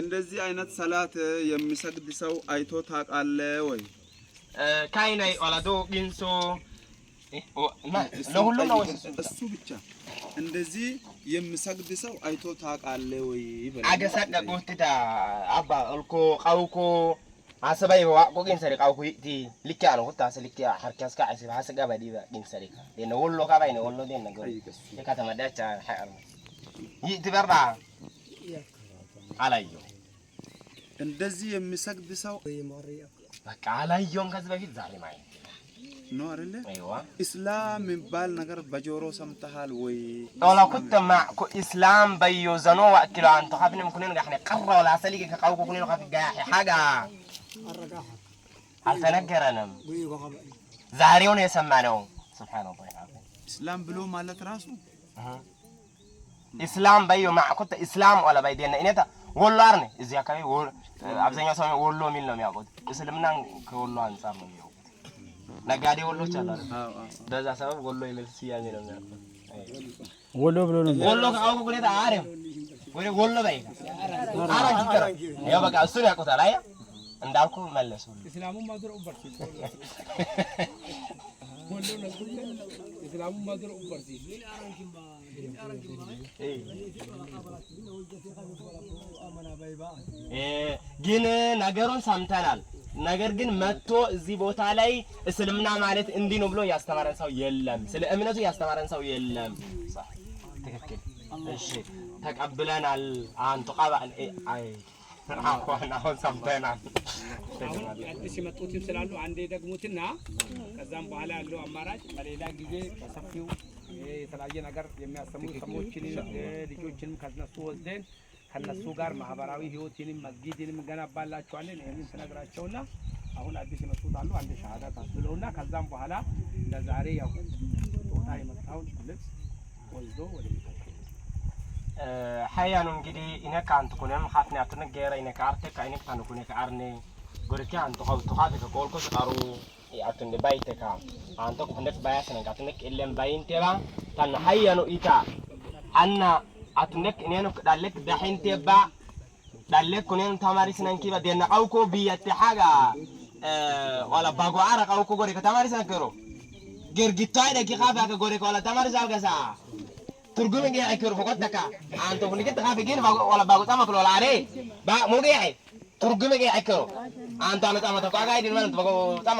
እንደዚህ አይነት ሰላት የሚሰግድ ሰው አይቶ ታውቃለህ ወይ? ካይናይ ኦላዶ ነው እሱ ብቻ። እንደዚህ ሰው አይቶ ታውቃለህ ወይ? አገሳቀ አባ እልኮ ቀውኮ አሰባይ ዋቆ ቀውኩ ልክ ልክ ሐርካስ ካ ሐሰጋ ባዲ ወሎ ወሎ ይእቲ በራ አላየሁም። እንደዚህ የሚሰግድ ሰው በቃ አላየሁም ከዚህ በፊት ዛሬ ማለት ነው አይደለ? ኢስላም የሚባል ነገር በጆሮ ሰምተሃል ወይ? ላ ኩንተ ማዕኩ ኢስላም በየዘኖ ወእኪሎ አንተ ከፍን ምኩኔን ጋሕነ ቀረ ወላ ሰሊቅ ከቃውኩ ኩኔን ከፍጋያሕ ሓጋ አልተነገረንም። ዛሬውን የሰማነው ስብሓን ኢስላም ብሎ ማለት ራሱ ኢስላም በዩ ማዕኩት ኢስላም ወላ ባይደነ እኔታ ወሎ አርነ እዚህ አካባቢ አብዛኛው ሰው ወሎ የሚል ነው የሚያውቁት። እስልምናን ከወሎ አንጻር ነው የሚያውቁት። ነጋዴ ወሎች አሉ አይደል? በዛ ሰበብ ወሎ የሚል ስያሜ ነው የሚያውቁት። ወሎ ብሎ ነው ወሎ ካውቁ ሁኔታ አሪፍ ወደ ወሎ በይ አራጅ ያው በቃ እሱን ያውቁታል። አያ እንዳልኩ መለሱ። ግን ነገሩን ሰምተናል። ነገር ግን መጥቶ እዚህ ቦታ ላይ እስልምና ማለት እንዲህ ነው ብሎ ያስተማረን ሰው የለም። ስለ እምነቱ ያስተማረን ሰው የለም። ትክክል። እሺ ተቀብለናል። አንቱ ቃባ አይ አሁን አሁን ሰምተናል። አዲስ የመጡትም ስላሉ አንዴ ደግሙትና ከዛም በኋላ ያለው አማራጭ በሌላ ጊዜ በሰፊው የተለያየ ነገር የሚያሰሙ ሰዎችን ልጆችንም ከነሱ ወስደን ከነሱ ጋር ማህበራዊ ህይወትንም መስጊድንም እንገነባላቸዋለን። ይህንን ስነግራቸውና አሁን አዲስ የመጡት አሉ አንድ ሻሃዳ ታስብለውና ከዛም በኋላ ለዛሬ ያው ቦታ የመጣውን ልብስ ወስዶ ወደ hayan እንግዲህ ኢነካ አንትኩነም ኻፍኒ አትነገረ ኢነካ አርቴካ ኢነካ አንኩነ ከአርኔ ጎርኪ አንቱ ኸብቱ ኻፍ ከቆልኮ ስቀሩ አቱንደ ባይቴካ አንተ ኩፍንደት ባያስነን አትነክ ኢለም ባይንቴራ ታን hayan ኢታ አና አትነክ ኢኔኑ ዳለክ ዳሂንቴባ ዳለክ ኩነን ተማሪስነን ኪባ ደነቀውኮ ቢያቴ ሐጋ wala bago ara kau ko gore ka tamari sa kero gergitai da ki kafa ka gore ko wala tamari sa ka sa turgume ngi ay kër fokot taka anto fuli ke taka fikin wala bago tama kulo lare ba mo ngi ay turgume ngi ay kër anto ana tama to kaga ay din man to bago tama